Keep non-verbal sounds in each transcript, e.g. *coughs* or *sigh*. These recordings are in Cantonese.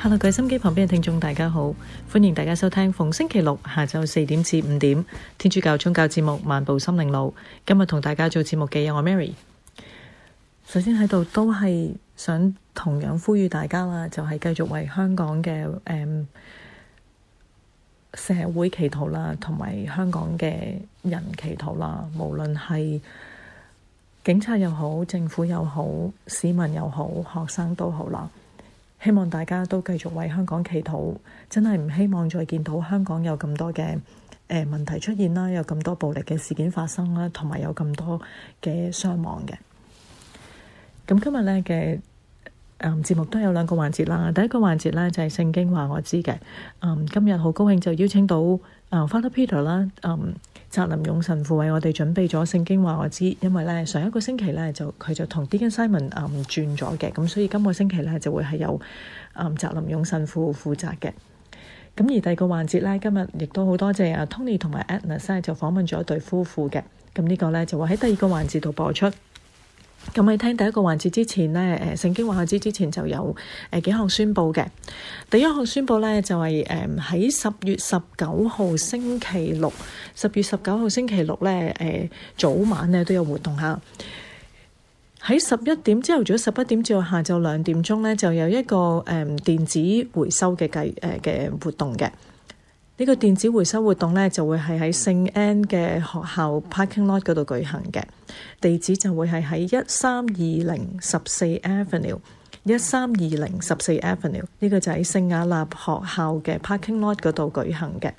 Hello！各位心機旁邊嘅聽眾，大家好，歡迎大家收聽逢星期六下晝四點至五點天主教宗教節目《漫步心靈路》。今日同大家做節目嘅有我 Mary。首先喺度都係想同樣呼籲大家啦，就係、是、繼續為香港嘅誒、嗯、社會祈禱啦，同埋香港嘅人祈禱啦。無論係警察又好，政府又好，市民又好，學生都好啦。希望大家都繼續為香港祈禱，真係唔希望再見到香港有咁多嘅、誒問題出現啦，有咁多暴力嘅事件發生啦，同埋有咁多嘅傷亡嘅。咁今日咧嘅嗯，節目都有兩個環節啦，第一個環節咧就係《聖經話我知》嘅，嗯，今日好高興就邀請到啊 Father Peter 啦，嗯。澤林勇神父為我哋準備咗聖經話我知，因為咧上一個星期咧就佢就同 Duncan Simon 啊轉咗嘅，咁所以今個星期咧就會係由啊澤林勇神父負責嘅。咁而第二個環節咧，今日亦都好多謝啊 Tony 同埋 Atanas 就訪問咗一對夫婦嘅。咁、這、呢個咧就會喺第二個環節度播出。咁喺聽第一個環節之前呢，誒，聖經話下之前就有誒幾項宣布嘅。第一項宣布呢，就係，誒喺十月十九號星期六，十月十九號星期六呢，誒早晚咧都有活動吓。喺十一點朝頭早，十一點至到下晝兩點鐘呢，就有一個誒電子回收嘅計誒嘅活動嘅。呢個電子回收活動呢，就會係喺聖安嘅學校 parking lot 嗰度舉行嘅，地址就會係喺一三二零十四 avenue，一三二零十四 avenue 呢個就喺聖亞納學校嘅 parking lot 嗰度舉行嘅，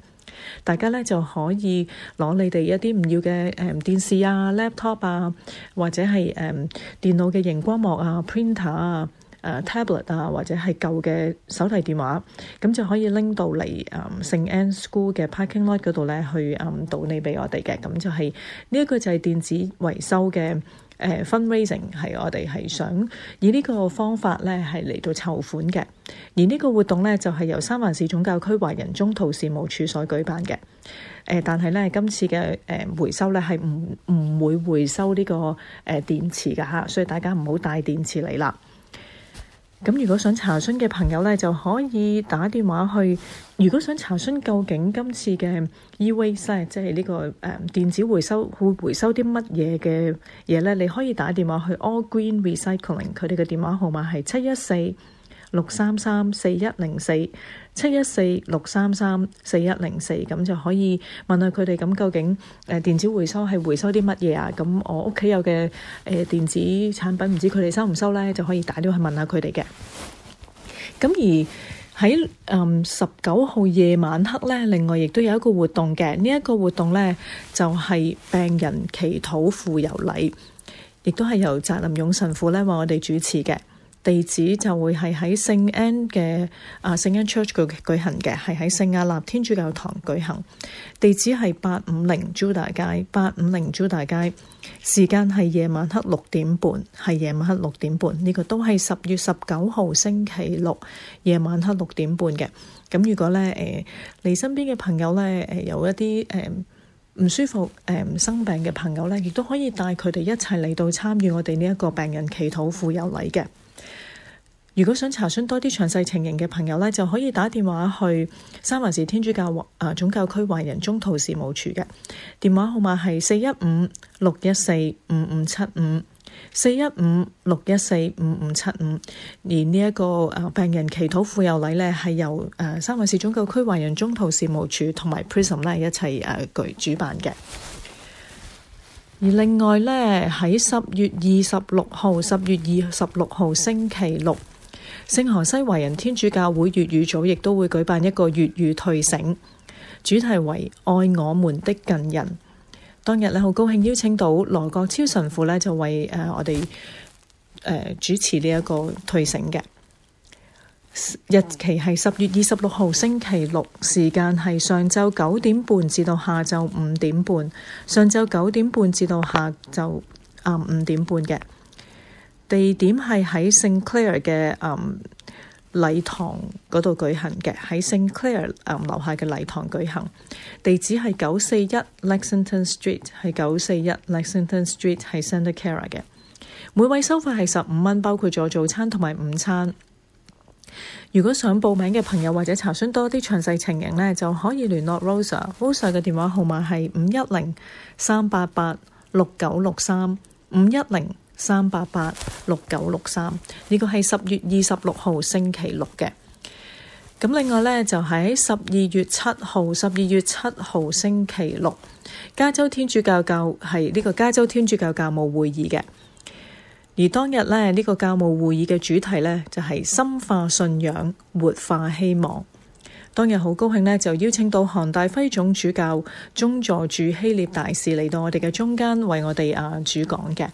大家呢，就可以攞你哋一啲唔要嘅誒、嗯、電視啊、laptop 啊，或者係誒、嗯、電腦嘅熒光幕啊、printer 啊。誒 tablet 啊，或者係舊嘅手提電話，咁就可以拎到嚟誒聖安 school 嘅 parking lot 嗰度咧，去誒倒你畀我哋嘅。咁就係呢一個就係電子維修嘅誒、呃、fundraising，係我哋係想以呢個方法咧係嚟到籌款嘅。而呢個活動咧就係、是、由三藩市總教區華人中途事務處所舉辦嘅。誒、呃，但係咧今次嘅誒、呃、回收咧係唔唔會回收呢、這個誒、呃、電池噶嚇，所以大家唔好帶電池嚟啦。咁如果想查詢嘅朋友呢，就可以打電話去。如果想查詢究竟今次嘅 e-waste 即係呢、呢個誒、嗯、電子回收會回收啲乜嘢嘅嘢呢？你可以打電話去 All Green Recycling。佢哋嘅電話號碼係七一四。六三三四一零四七一四六三三四一零四。咁就可以問下佢哋，咁究竟誒電子回收係回收啲乜嘢啊？咁我屋企有嘅誒、呃、電子產品唔知佢哋收唔收咧，就可以打電話去問下佢哋嘅。咁而喺誒十九號夜晚黑咧，另外亦都有一個活動嘅。呢、這、一個活動咧就係、是、病人祈禱傅油禮，亦都係由澤林勇神父咧為我哋主持嘅。地址就會係喺聖安嘅啊聖 Anne Church 舉行嘅，係喺聖亞納天主教堂舉行。地址係八五零朱大街，八五零朱大街。時間係夜晚黑六點半，係夜晚黑六點半。呢、這個都係十月十九號星期六夜晚黑六點半嘅。咁如果咧誒、呃，你身邊嘅朋友咧誒、呃，有一啲誒唔舒服誒唔、呃、生病嘅朋友咧，亦都可以帶佢哋一齊嚟到參與我哋呢一個病人祈禱傅油禮嘅。如果想查詢多啲詳細情形嘅朋友呢，就可以打電話去三藩市天主教啊總教區華人中途事務處，嘅電話號碼係四一五六一四五五七五四一五六一四五五七五。而呢一個病人祈禱傅油禮呢，係由誒三藩市總教區華人中途事務處同埋 Prism 咧一齊誒、啊、舉主辦嘅。而另外呢，喺十月二十六號，十月二十六號星期六。聖荷西華人天主教會粵語組亦都會舉辦一個粵語退省，主題為愛我們的近人。當日呢，好高興邀請到羅國超神父呢，就為、呃、我哋、呃、主持呢一個退省嘅。日期係十月二十六號星期六，時間係上晝九點半至到下晝五點半，上晝九點半至到下晝五點半嘅。地點係喺 Saint Clare 嘅誒、嗯、禮堂嗰度舉行嘅，喺 Saint Clare 誒、嗯、樓下嘅禮堂舉行。地址係九四一 Lexington Street，係九四一 Lexington Street，係 Saint Clare 嘅。每位收費係十五蚊，包括咗早餐同埋午餐。如果想報名嘅朋友或者查詢多啲詳細情形呢，就可以聯絡 Rosa，Rosa 嘅電話號碼係五一零三八八六九六三五一零。三八八六九六三呢、這個係十月二十六號星期六嘅。咁另外呢，就喺十二月七號，十二月七號星期六，加州天主教教係呢個加州天主教教務會議嘅。而當日呢，呢、這個教務會議嘅主題呢，就係、是、深化信仰，活化希望。當日好高興呢，就邀請到韓大輝總主教宗座駐希臘大使嚟到我哋嘅中間為我哋啊主講嘅。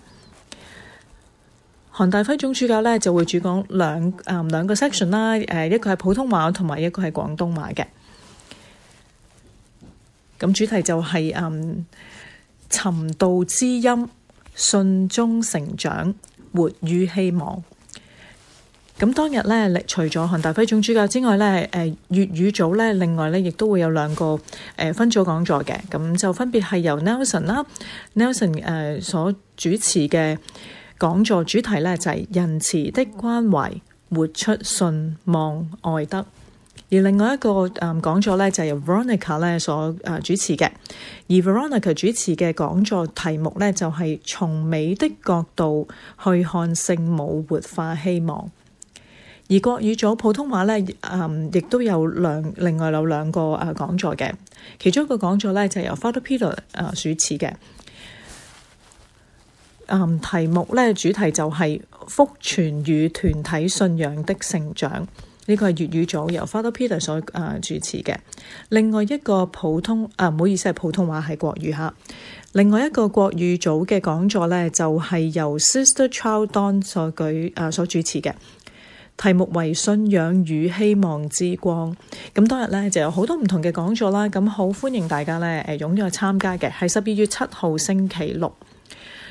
韓大輝總主教咧就會主講兩誒兩個 section 啦，誒一個係普通話同埋一個係廣東話嘅，咁主題就係誒尋道之音，信中成長，活於希望。咁當日咧，除咗韓大輝總主教之外咧，誒、呃、粵語組咧，另外咧亦都會有兩個誒分組講座嘅，咁就分別係由 Nelson、啊、Nelson 啦，Nelson 誒所主持嘅。講座主題呢、就是，就係仁慈的關懷，活出信望愛德。而另外一個誒講座呢，就由 Veronica 咧所主持嘅。而 Veronica 主持嘅講座題目呢、就是，就係從美的角度去看聖母，活化希望。而國語組普通話呢，嗯、亦都有兩另外有兩個誒講座嘅。其中一個講座呢，就由 Father Peter 誒主持嘅。嗯，題目呢，主題就係、是、福傳與團體信仰的成長，呢、這個係粵語組由 Father Peter 所啊、呃、主持嘅。另外一個普通啊，唔、呃、好意思係普通話係國語吓。另外一個國語組嘅講座呢，就係、是、由 Sister Child Dawn 所舉啊、呃、所主持嘅。題目為信仰與希望之光。咁、嗯、當日呢，就有好多唔同嘅講座啦，咁好歡迎大家呢，誒踴躍參加嘅。係十二月七號星期六。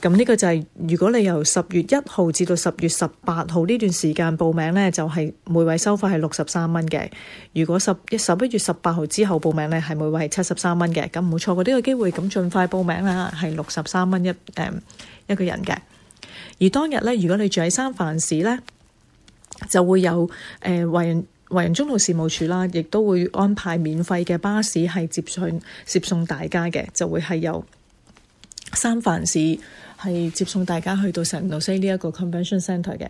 咁呢個就係、是、如果你由十月一號至到十月十八號呢段時間報名呢，就係、是、每位收費係六十三蚊嘅。如果十一十一月十八號之後報名呢，係每位係七十三蚊嘅。咁唔好錯過呢個機會，咁盡快報名啦，係六十三蚊一誒、嗯、一個人嘅。而當日呢，如果你住喺三藩市呢，就會有誒華人華人中路事務處啦，亦都會安排免費嘅巴士係接送接送大家嘅，就會係由三藩市。係接送大家去到石路西呢一個 Convention Centre 嘅，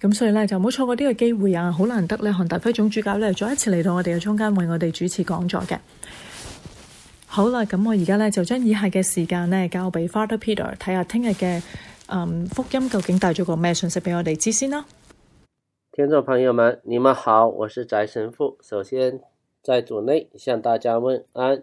咁所以呢，就唔好錯過呢個機會啊！好難得呢，韓大輝總主教呢，再一次嚟到我哋嘅中間，為我哋主持講座嘅。好啦，咁我而家呢，就將以下嘅時間呢，交俾 Father Peter 睇下，聽日嘅，嗯，福音究竟帶咗個咩信息俾我哋知先啦。聽眾朋友們，你們好，我是翟神父。首先在內，在主內向大家問安。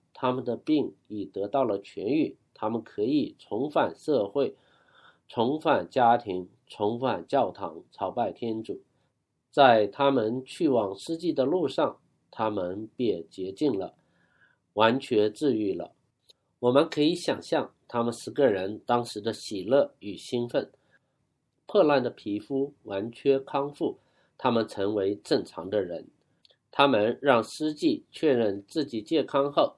他們的病已得到了痊癒，他們可以重返社會、重返家庭、重返教堂朝拜天主。在他們去往司祭的路上，他們便潔淨了，完全治癒了。我們可以想象他們十個人當時的喜樂與興奮。破爛的皮膚完全康復，他們成為正常的人。他們讓司祭確認自己健康後，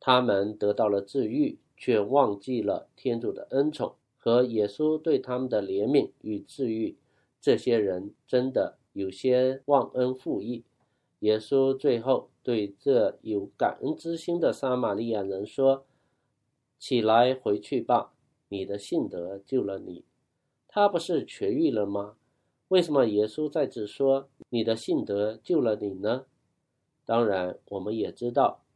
他們得到了治愈，卻忘記了天主的恩寵和耶穌對他們的憐憫與治愈。這些人真的有些忘恩負義。耶穌最後對這有感恩之心的撒瑪利亞人說：起來回去吧，你的信德救了你。他不是痊愈了嗎？為什麼耶穌再次說你的信德救了你呢？當然，我們也知道。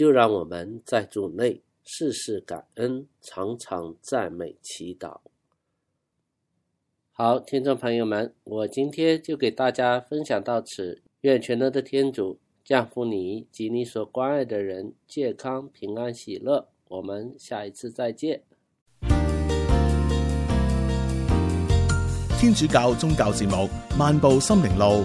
就讓我們在主內事事感恩，常常讚美祈禱。好，聽眾朋友們，我今天就給大家分享到此。願全能的天主降福你及你所關愛的人，健康、平安、喜樂。我們下一次再見。天主教宗教節目《漫步心靈路》。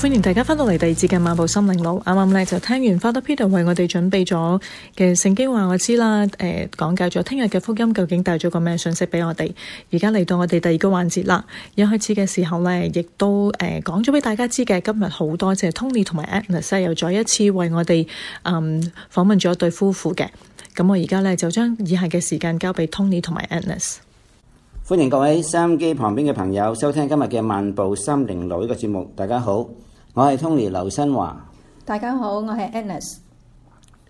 歡迎大家翻到嚟第二節嘅漫步心靈路。啱啱咧就聽完 Father Peter 為我哋準備咗嘅聖經話我知啦，誒、呃、講解咗聽日嘅福音究竟帶咗個咩信息俾我哋。而家嚟到我哋第二個環節啦。一開始嘅時候咧，亦都誒、呃、講咗俾大家知嘅，今日好多謝 Tony 同埋 Annes、啊、又再一次為我哋嗯訪問咗一對夫婦嘅。咁我而家咧就將以下嘅時間交俾 Tony 同埋 Annes。歡迎各位收音機旁邊嘅朋友收聽今日嘅漫步心靈路呢個節目。大家好。我係 Tony 劉新華，大家好，我係 Annis。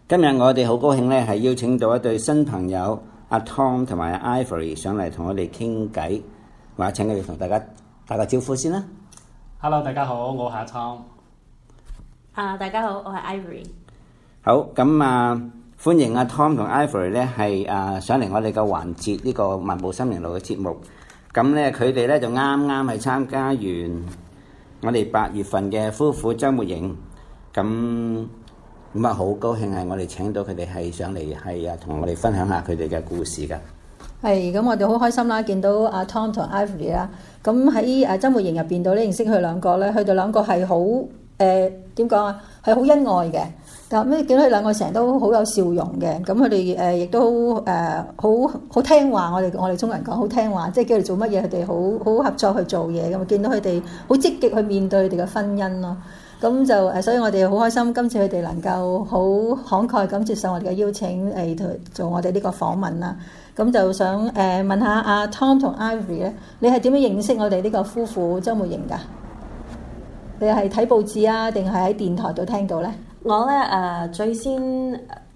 今日我哋好高興咧，係邀請到一對新朋友阿 Tom 同埋阿 Ivory 上嚟同我哋傾偈，或者請佢哋同大家打個招呼先啦。Hello，大家好，我係阿 Tom。啊，大家好，我係 Ivory。好，咁啊，歡迎阿 Tom 同 Ivory 咧係誒上嚟我哋嘅環節呢個漫步心靈路嘅節目。咁咧，佢哋咧就啱啱係參加完我哋八月份嘅夫婦周末營，咁咁啊好高興係我哋請到佢哋係上嚟係啊同我哋分享下佢哋嘅故事噶。係，咁我哋好開心啦，見到阿 Tom 同 Ivy 啦。咁喺誒週末營入邊度咧，認識佢兩個咧，佢哋兩個係好誒點講啊？係、呃、好恩愛嘅。嗱，見到佢兩個成日都好有笑容嘅，咁佢哋誒亦都誒好好聽話，我哋我哋中國人講好聽話，即係叫佢做乜嘢，佢哋好好合作去做嘢咁啊！見到佢哋好積極去面對佢哋嘅婚姻咯，咁就誒，所以我哋好開心，今次佢哋能夠好慷慨咁接受我哋嘅邀請，誒、呃、做我哋呢個訪問啦。咁就想誒、呃、問下阿、啊、Tom 同 Ivy 咧，你係點樣認識我哋呢個夫婦周梅瑩噶？你係睇報紙啊，定係喺電台度聽到咧？我咧誒、呃、最先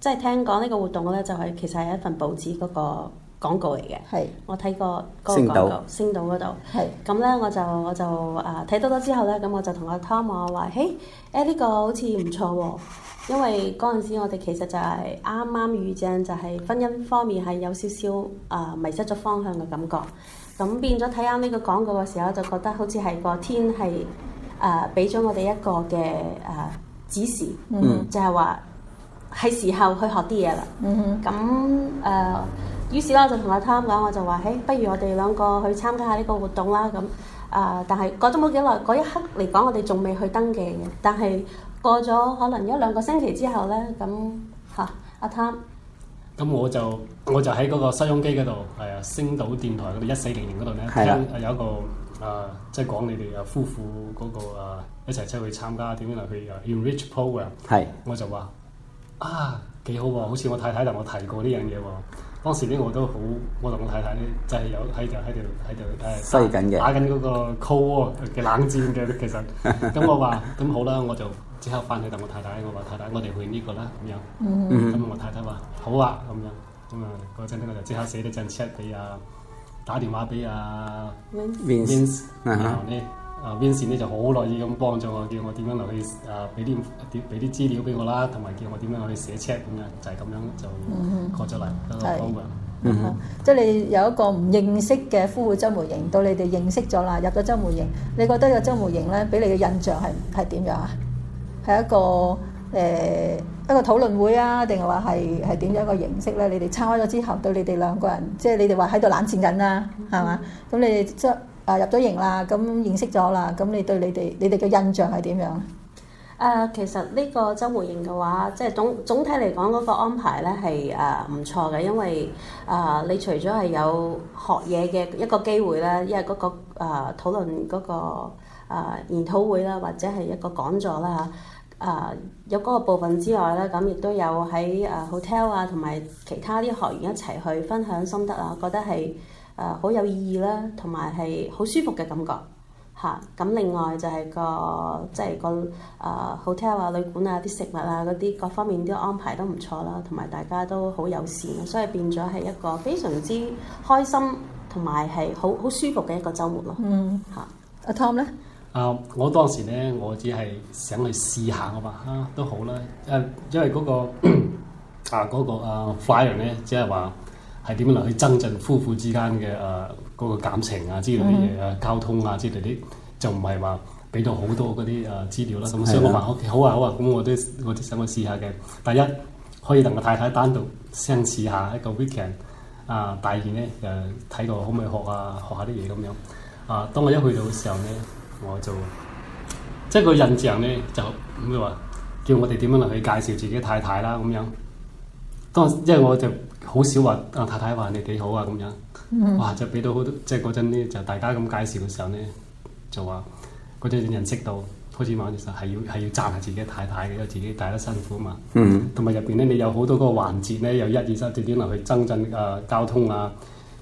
即係聽講呢個活動咧，就係、是、其實係一份報紙嗰個廣告嚟嘅。係是。我睇過嗰個廣告，星島嗰度。係。咁咧是我就我就誒睇、呃、多咗之後咧，咁我就同阿 Tom 話：誒、hey, 呢、呃這個好似唔錯喎、哦， *noise* 因為嗰陣時我哋其實就係啱啱遇正，就係、是、婚姻方面係有少少誒、呃、迷失咗方向嘅感覺。咁變咗睇啱呢個廣告嘅時候，就覺得好似係個天係誒俾咗我哋一個嘅誒。呃呃指示、嗯、就係話係時候去學啲嘢啦。咁誒、嗯哼呃，於是咧我就同阿貪講，我就話：，誒，不如我哋兩個去參加下呢個活動啦。咁誒、呃，但係過咗冇幾耐，嗰一刻嚟講，我哋仲未去登記嘅。但係過咗可能一兩個星期之後咧，咁嚇阿貪。咁、啊啊、我就我就喺嗰個收音機嗰度，係啊，星島電台嗰度一四零零嗰度咧，啊、聽有一個誒，即、呃、係、就是、講你哋啊夫婦嗰、那個、呃一齊出去參加點樣啊？去啊，enrich program，係是，我就話啊，幾好喎、啊，好似我太太同我提過呢樣嘢喎。當時咧我都好，我同我太太咧就係有喺度喺度喺度誒，收緊嘅打緊嗰個 call 嘅冷戰嘅，其實咁、 *laughs* 嗯、我話咁好啦，我就即刻翻去同我太太，我話太太我，我哋去呢個啦咁樣。咁、mm hmm. 我太太話好啊咁樣，咁啊嗰陣咧我就即刻寫咗張 check 俾啊，打電話俾啊，Vince，然後咧。Uh. Uh. 啊！嗰陣時咧就好樂意咁幫助我，叫我點樣留去啊，俾啲俾啲資料俾我啦，同埋叫我點樣落去寫 check 咁樣，就係、是、咁樣就過咗嚟，好即係你有一個唔認識嘅夫婦週末營，到你哋認識咗啦，入咗週末營，你覺得個週末營咧，俾你嘅印象係係點樣啊？係一個誒、呃、一個討論會啊，定係話係係點樣一個形式咧？你哋參加咗之後，對你哋兩個人，即係你哋話喺度冷戰緊啦，係嘛？咁你哋即啊，入咗營啦，咁、嗯、認識咗啦，咁、嗯、你對你哋你哋嘅印象係點樣？誒、啊，其實呢個周末營嘅話，即、就、係、是、總總體嚟講嗰個安排呢係誒唔錯嘅，因為誒、啊、你除咗係有學嘢嘅一個機會咧，因為嗰、那個誒、啊、討論嗰、那個、啊、研討會啦，或者係一個講座啦嚇，誒、啊、有嗰個部分之外呢，咁、嗯、亦都有喺誒、啊、hotel 啊，同埋其他啲學員一齊去分享心得啊，覺得係，誒好、uh, 有意義啦，同埋係好舒服嘅感覺嚇。咁、啊、另外就係個即係、就是、個誒、uh, hotel 啊、旅館啊、啲食物啊嗰啲各方面都安排都唔錯啦，同埋大家都好友善，所以變咗係一個非常之開心同埋係好好舒服嘅一個周末咯。嗯嚇，阿 Tom 咧？啊，嗯呢 uh, 我當時咧，我只係想去試下嘅嘛嚇、啊，都好啦。誒、啊，因為嗰、那個 *coughs* 啊嗰、那個啊、uh, fire 咧，即係話。係點樣嚟去增進夫婦之間嘅誒嗰個感情啊之類嘅嘢，嗯、啊，溝通啊之類啲，就唔係話俾到好多嗰啲誒資料啦。咁、嗯、所以我話好嘅，好啊好啊，咁、啊、我都我都想我試下嘅。第一可以同我太太單獨相處下一個 weekend，啊第二咧誒睇到可唔可以學啊學下啲嘢咁樣。啊，當我一去到嘅時候咧，我就即係、就是、個印象咧就咁就話，叫我哋點樣嚟去介紹自己太太啦咁樣。當即係我就，嗯好少話阿太太話你幾好啊咁樣、mm，hmm. 哇！就俾到好多即係嗰陣咧，就大家咁介紹嘅時候咧，就話嗰陣認識到開始玩，其實係要係要贊下自己太太嘅，因為自己太得辛苦啊嘛、mm。同埋入邊咧，你有好多嗰個環節咧，由一二三四點落去增進啊交通啊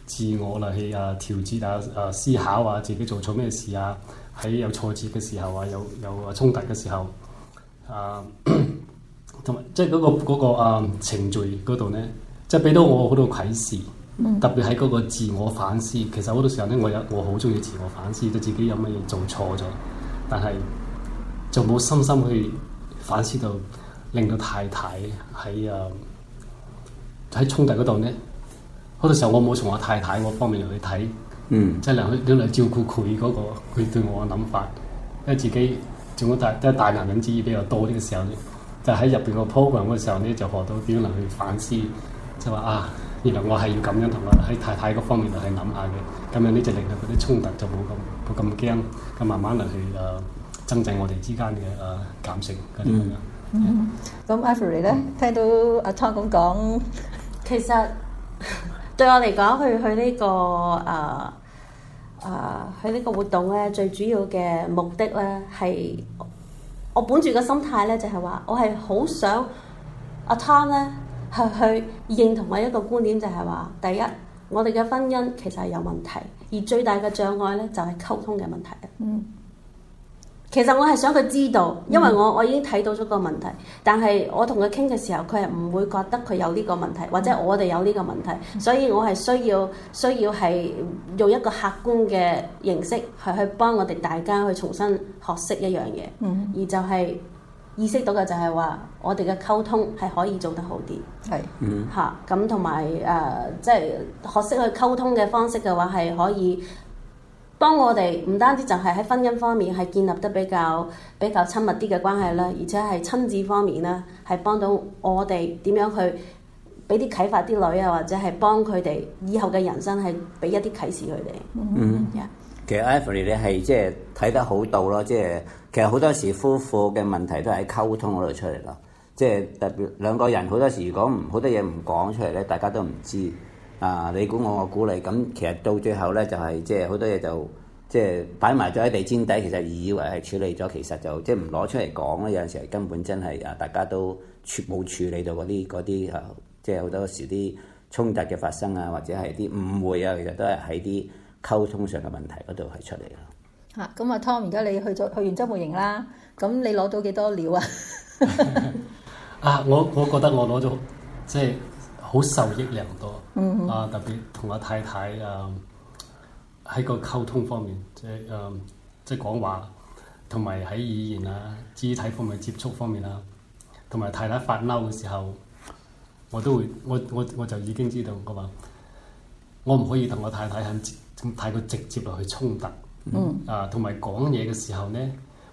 自我啦，去啊調節啊啊思考啊自己做錯咩事啊，喺有挫折嘅時候啊，有有衝突嘅時候啊，同埋即係嗰個啊程序嗰度咧。即係俾到我好多啟示，嗯、特別喺嗰個自我反思。其實好多時候咧，我有我好中意自我反思，對自己有乜嘢做錯咗，但係就冇深深去反思到令到太太喺誒喺衝突嗰度咧。好多時候我冇從我太太嗰方面嚟去睇，即係嚟去點樣照顧佢嗰、嗰個佢對我嘅諗法。因為自己仲有大即係大男人主義比較多啲嘅時候咧，就喺入邊個 program 嗰時候咧就學到點樣嚟去反思。就話啊，原來我係要咁樣同佢喺太太嗰方面去諗下嘅，咁樣呢就令到嗰啲衝突就冇咁冇咁驚，咁慢慢嚟去誒、呃、增進我哋之間嘅誒感情嗰啲咁樣嗯。嗯，咁 Evelyn 咧，聽到阿 Tom 咁講，其實對我嚟講，去去呢、這個誒誒、啊、去呢個活動咧，最主要嘅目的咧係我本住個心態咧，就係話我係好想阿 Tom 咧。 *music* *noise* *noise* 係去認同我一個觀點，就係話：第一，我哋嘅婚姻其實係有問題，而最大嘅障礙呢，就係溝通嘅問題。嗯，其實我係想佢知道，因為我我已經睇到咗個問題，但係我同佢傾嘅時候，佢係唔會覺得佢有呢個問題，或者我哋有呢個問題，嗯，所以我係需要需要係用一個客觀嘅形式去去幫我哋大家去重新學識一樣嘢，嗯，而就係。意識到嘅就係話，我哋嘅溝通係可以做得好啲，係是，吓咁同埋誒，即係、啊呃就係、學識去溝通嘅方式嘅話，係可以幫我哋唔單止就係喺婚姻方面係建立得比較比較親密啲嘅關係啦，而且係親子方面啦，係幫到我哋點樣去俾啲啟發啲女啊，或者係幫佢哋以後嘅人生係俾一啲啟示佢哋，嗯，嗯 yeah. 其實 Evelyn 咧係即係睇得好到咯，即係其實好多時夫婦嘅問題都係喺溝通嗰度出嚟咯。即係特別兩個人好多時，如果唔好多嘢唔講出嚟咧，大家都唔知啊。你估我，我估你，咁其實到最後咧就係即係好多嘢就即係擺埋咗喺地氈底，其實以為係處理咗，其實就即係唔攞出嚟講咧，有陣時候根本真係啊，大家都處冇處理到嗰啲嗰啲啊，即係好多時啲衝突嘅發生啊，或者係啲誤會啊，其實都係喺啲。溝通上嘅問題嗰度係出嚟咯。嚇、啊，咁阿、啊、Tom 而家你去咗去，去完周末營啦，咁你攞到幾多料啊？ *laughs* *laughs* 啊，我我覺得我攞咗即係好受益良多。嗯嗯啊，特別同我太太誒喺、嗯、個溝通方面，即係誒、嗯、即係講話，同埋喺語言啊、肢體方面接觸方面啊，同埋太太發嬲嘅時候，我都會我我我，我就已經知道我話我唔可以同我太太很太過直接落去衝突，嗯、啊，同埋講嘢嘅時候呢，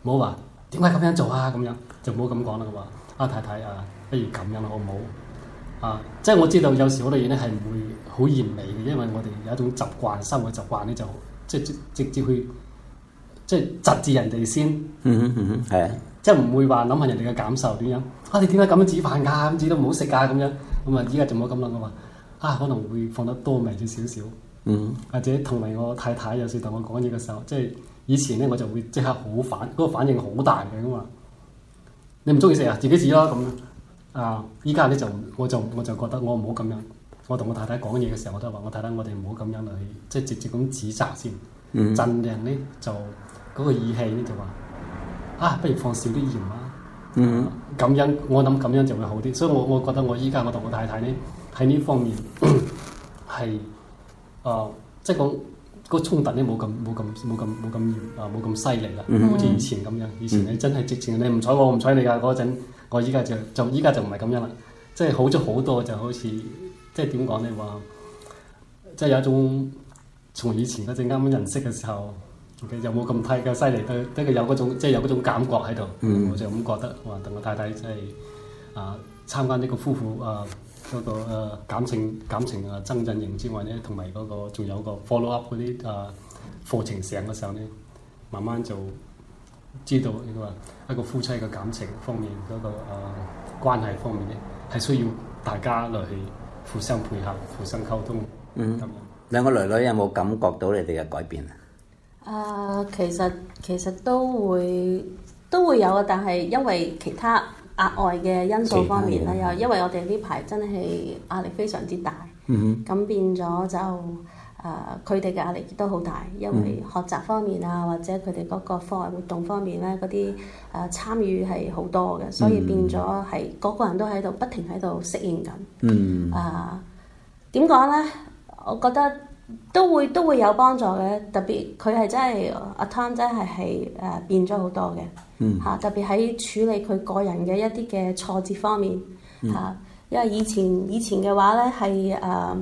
唔好話點解咁樣做啊，咁樣就唔好咁講啦。我話啊，太太啊，不如咁樣啦，好唔好？啊，即係我知道有時好多嘢呢係唔會好嚴厲嘅，因為我哋有一種習慣，生活習慣呢，就即係直接去即係窒住人哋先。嗯啊， *laughs* 即係唔會話諗下人哋嘅感受點樣。啊，你點解咁樣煮飯㗎？咁煮都唔好食啊，咁樣咁啊！依家就唔好咁諗，我話啊，可能會放得多味少少。嗯，mm hmm. 或者同埋我太太有時同我講嘢嘅時候，即係以前咧，我就會即刻好反，嗰個反應好大嘅咁話，你唔中意食啊，自己煮啦咁。啊，依家咧就，我就我就覺得我唔好咁樣。我同我太太講嘢嘅時候，我都話我太太，我哋唔好咁樣去，即係直接咁指責先。嗯、mm，盡量 hmm. 咧就嗰個語氣咧就話，啊，不如放少啲鹽啊。嗯、mm，咁樣 hmm. 我諗咁樣就會好啲，所以我我覺得我依家我同我太太咧喺呢方面係。 *coughs* 啊、呃，即係講嗰個衝突咧冇咁冇咁冇咁冇咁啊冇咁犀利啦，好似、mm hmm. 以前咁樣。以前你真係直情你唔睬我我唔睬你噶嗰陣，我依家就就依家就唔係咁樣啦，即係好咗好多，就好似即係點講咧話，即係有一種從以前嗰陣啱啱認識嘅時候，okay, 又冇咁太嘅犀利，對對佢有嗰、就是、即係有嗰種感覺喺度，mm hmm. 我就咁覺得，哇！同我太太真係啊、呃，參加呢個夫婦啊。呃嗰、那個、啊、感情感情啊，增進型之外咧，同埋嗰個仲有個 follow up 嗰啲誒課程上嘅時候咧，慢慢就知道呢個一個夫妻嘅感情方面嗰個誒、啊、關係方面咧，係需要大家來去互相配合、互相溝通。嗯，樣兩個女女有冇感覺到你哋嘅改變啊？誒、呃，其實其實都會都會有啊，但係因為其他。額外嘅因素方面咧，又的因為我哋呢排真係壓力非常之大，咁、嗯、哼變咗就誒，佢哋嘅壓力亦都好大，因為學習方面啊，嗯、或者佢哋嗰個課外活動方面咧，嗰啲誒參與係好多嘅，所以變咗係個個人都喺度不停喺度適應緊。啊、嗯，點講咧？我覺得都會都會有幫助嘅，特別佢係真係阿 Tom 真係係誒變咗好多嘅。嚇！嗯、特別喺處理佢個人嘅一啲嘅挫折方面嚇、嗯啊，因為以前以前嘅話咧係誒，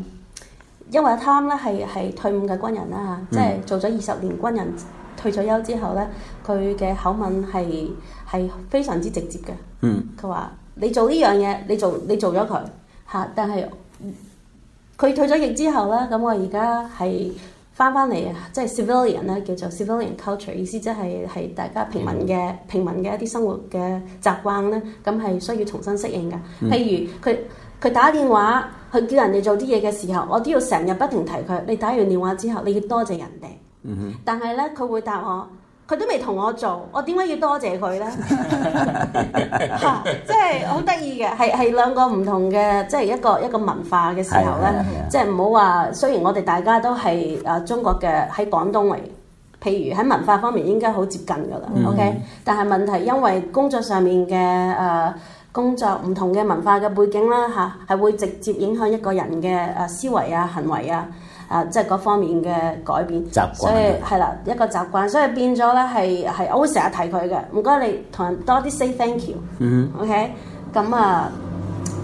因為阿貪咧係係退伍嘅軍人啦嚇，嗯、即係做咗二十年軍人，退咗休之後咧，佢嘅口吻係係非常之直接嘅。嗯，佢話你做呢樣嘢，你做你做咗佢嚇，但係佢退咗役之後咧，咁我而家係。返返嚟即係 civilian 咧，就是、civilian，叫做 civilian culture，意思即係係大家平民嘅、mm hmm。平民嘅一啲生活嘅習慣咧，咁係需要重新適應嘅。Mm hmm。譬如佢佢打電話去叫人哋做啲嘢嘅時候，我都要成日不停提佢。你打完電話之後，你要多謝人哋。嗯哼、mm，hmm。但係咧，佢會答我。佢都未同我做，我點解要多謝佢呢？即係好得意嘅，係係兩個唔同嘅，即係一個一個文化嘅時候呢。即係唔好話。雖然我哋大家都係誒、呃、中國嘅，喺廣東嚟，譬如喺文化方面應該好接近噶啦。嗯，OK，但係問題因為工作上面嘅誒、呃、工作唔同嘅文化嘅背景啦，嚇、啊、係會直接影響一個人嘅誒、呃、思維啊、行為啊。啊，常常 you, 嗯 okay? 嗯、啊，即係嗰方面嘅改變，所以係啦，一個習慣，所以變咗咧係係，我會成日提佢嘅。唔該，你同人多啲 say thank you。嗯。OK，咁啊，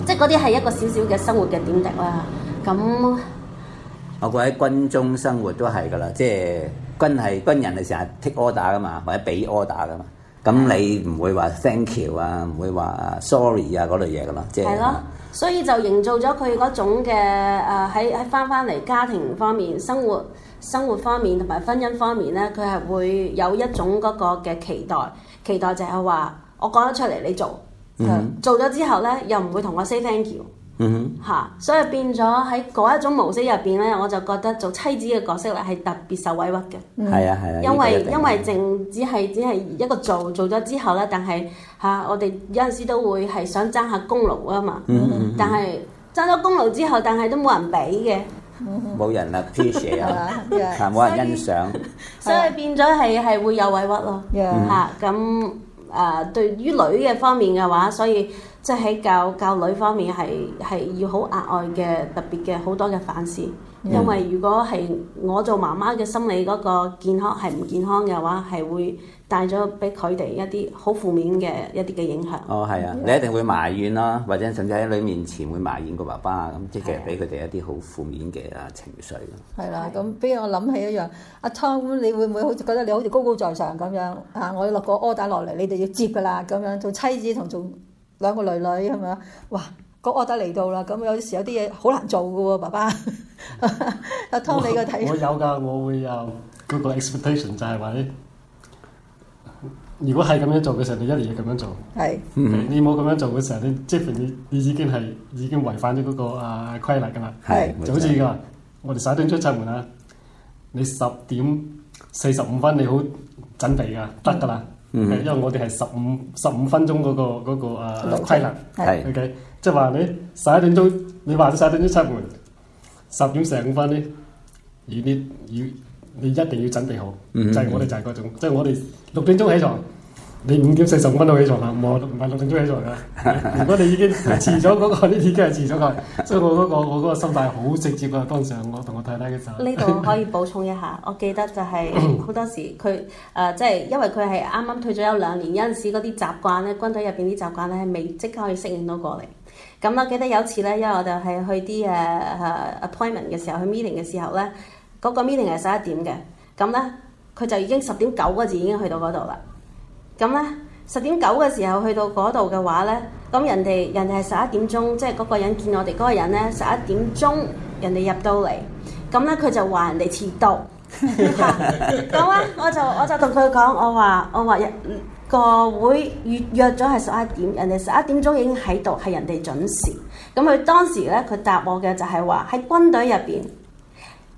即係嗰啲係一個小小嘅生活嘅點滴啦。咁我覺得喺軍中生活都係噶啦，即係軍係軍人係成日 take order 噶嘛，或者俾 order 噶嘛。咁你唔會話 thank you、嗯、啊，唔會話 sorry 啊嗰類嘢噶啦，即、就、係、是。係咯、就是。所以就營造咗佢嗰種嘅誒喺喺返返嚟家庭方面、生活生活方面同埋婚姻方面咧，佢係會有一種嗰個嘅期待，期待就係話我講得出嚟，你做，mm hmm. 做咗之後咧，又唔會同我 say thank you。嗯哼，mm hmm. 所以變咗喺嗰一種模式入邊咧，我就覺得做妻子嘅角色咧係特別受委屈嘅。係啊係啊，hmm. 因為因為淨只係只係一個做做咗之後咧，但係嚇、啊、我哋有陣時都會係想爭下功勞啊嘛。Mm hmm. 但係爭咗功勞之後，但係都冇人俾嘅。冇、mm hmm. 人啊，a p p r c e 冇人欣賞所。所以變咗係係會有委屈咯。係咁。誒、uh, 對於女嘅方面嘅話，所以即係、喺、教教女方面係係要好額外嘅特別嘅好多嘅反思，mm hmm. 因為如果係我做媽媽嘅心理嗰個健康係唔健康嘅話，係會，帶咗俾佢哋一啲好負面嘅一啲嘅影響。哦，係啊，你一定會埋怨啦，或者甚至喺你面前會埋怨個爸爸啊，咁即係俾佢哋一啲好負面嘅啊情緒。係啦，咁比如我諗起一樣，阿、啊、湯，你會唔會好似覺得你好似高高在上咁樣啊？我要落 r d e r 落嚟，你哋要接㗎啦，咁樣做妻子同做兩個女女係嘛？哇，個 order 嚟到啦，咁有時有啲嘢好難做嘅喎，爸爸。阿、啊、湯，你嘅睇法？我有㗎，我會有嗰、那個、expectation，就係、是、話如果係咁樣做嘅時候，你一定要咁樣做。係，你冇咁樣做嘅時候，你即係你，你已經係已經違反咗嗰個啊規律㗎啦。係，就好似話，我哋十一點出出門啊，你十點四十五分你好準備㗎，得㗎啦。因為我哋係十五十五分鐘嗰個啊規律。係，OK，即係話你十一點鐘你話十一點鐘出門，十點四五分咧，你你。你一定要準備好，嗯嗯嗯，就係我哋就係嗰種，即係我哋六點鐘起床。你五點四十五分都起床啦，冇唔係六點鐘起床噶。 *laughs* 如果你已經遲咗嗰個，呢啲梗係遲咗個。 *laughs* 所以我嗰個我嗰個心態好直接嘅。當時我同我太太嘅時候，呢度可以補充一下。 *laughs* 我記得就係好多時佢，誒即係因為佢係啱啱退咗有兩年，有陣時嗰啲習慣咧，軍隊入邊啲習慣咧，係未即刻可以適應到過嚟。咁我記得有一次咧，因為我哋係去啲誒誒 appointment 嘅時候，去 meeting 嘅時候咧。嗰個 meeting 係十一點嘅，咁呢，佢就已經十點九個字已經去到嗰度啦。咁呢，十點九嘅時候去到嗰度嘅話呢，咁人哋人哋係十一點鐘，即係嗰個人見我哋嗰個人呢，十一點鐘人哋入到嚟，咁呢，佢就話人哋遲到。講啊，我就我就同佢講，我話我話一個會預約咗係十一點，人哋十一點鐘已經喺度，係人哋準時。咁佢當時呢，佢答我嘅就係話喺軍隊入邊。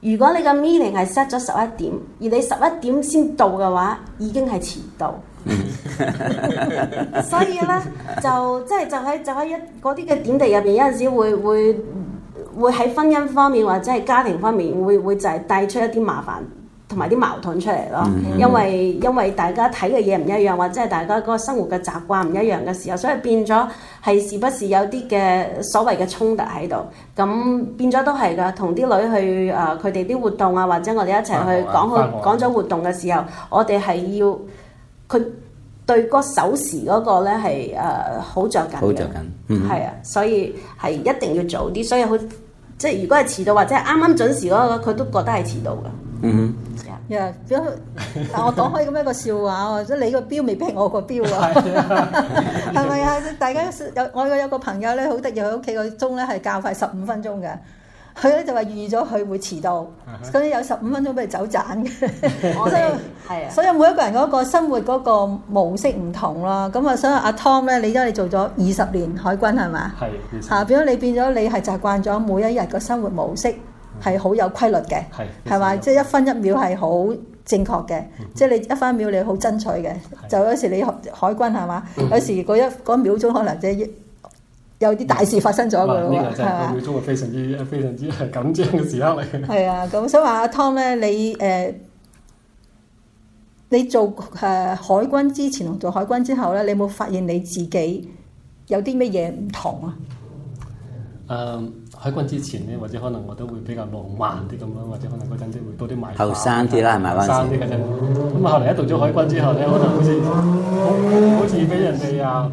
如果你個 meeting 係 set 咗十一點，而你十一點先到嘅話，已經係遲到。 *laughs* 所以咧，就即係就喺、是、就喺一嗰啲嘅點地入邊，有陣時會會會喺婚姻方面或者係家庭方面，會會就係帶出一啲麻煩。同埋啲矛盾出嚟咯，因為因為大家睇嘅嘢唔一樣，或者係大家個生活嘅習慣唔一樣嘅時候，所以變咗係時不時有啲嘅所謂嘅衝突喺度。咁變咗都係噶，同啲女去誒佢哋啲活動啊，或者我哋一齊去講去講咗、啊啊啊啊、活動嘅時候，我哋係要佢對個守時嗰個咧係誒好着緊好著緊，嗯，係啊，所以係一定要早啲。所以佢即係如果係遲到或者係啱啱準時嗰個，佢都覺得係遲到噶。嗯，呀、um yeah. yeah，我講開咁一個笑話或者你個錶未比我個錶啊，係咪啊？大家有我有個朋友咧，好得意，喺屋企個鐘咧係教快十五分鐘嘅，佢咧就話、是、預咗佢會遲到，咁有十五分鐘俾佢走盞嘅。我真係，啊。所以每一個人嗰個生活嗰個模式唔同咯，咁啊，所以阿 Tom 咧，你而家你做咗二十年海軍係咪？係，吓，變咗你變咗你係習慣咗每一日個生活模式。係好有規律嘅，係嘛是？吧即係一分一秒係好正確嘅，嗯、哼即係你一分一秒你好爭取嘅。嗯、哼就有時你海軍係嘛？嗯、哼有時嗰一嗰一秒鐘可能即係有啲大事發生咗嘅喎，嗯、秒鐘係非常之非常之係緊張嘅時刻嚟。係 *laughs* 啊，咁所以話阿 Tom 咧，你誒、呃、你做誒、呃、海軍之前同做海軍之後咧，你冇發現你自己有啲乜嘢唔同啊？誒、嗯。海軍之前咧，或者可能我都會比較浪漫啲咁樣，或者可能嗰陣即會多啲埋。後生啲啦，係咪？後生啲嗰陣咁啊，後嚟一讀咗海軍之後咧，可能好似好，好似俾人哋啊，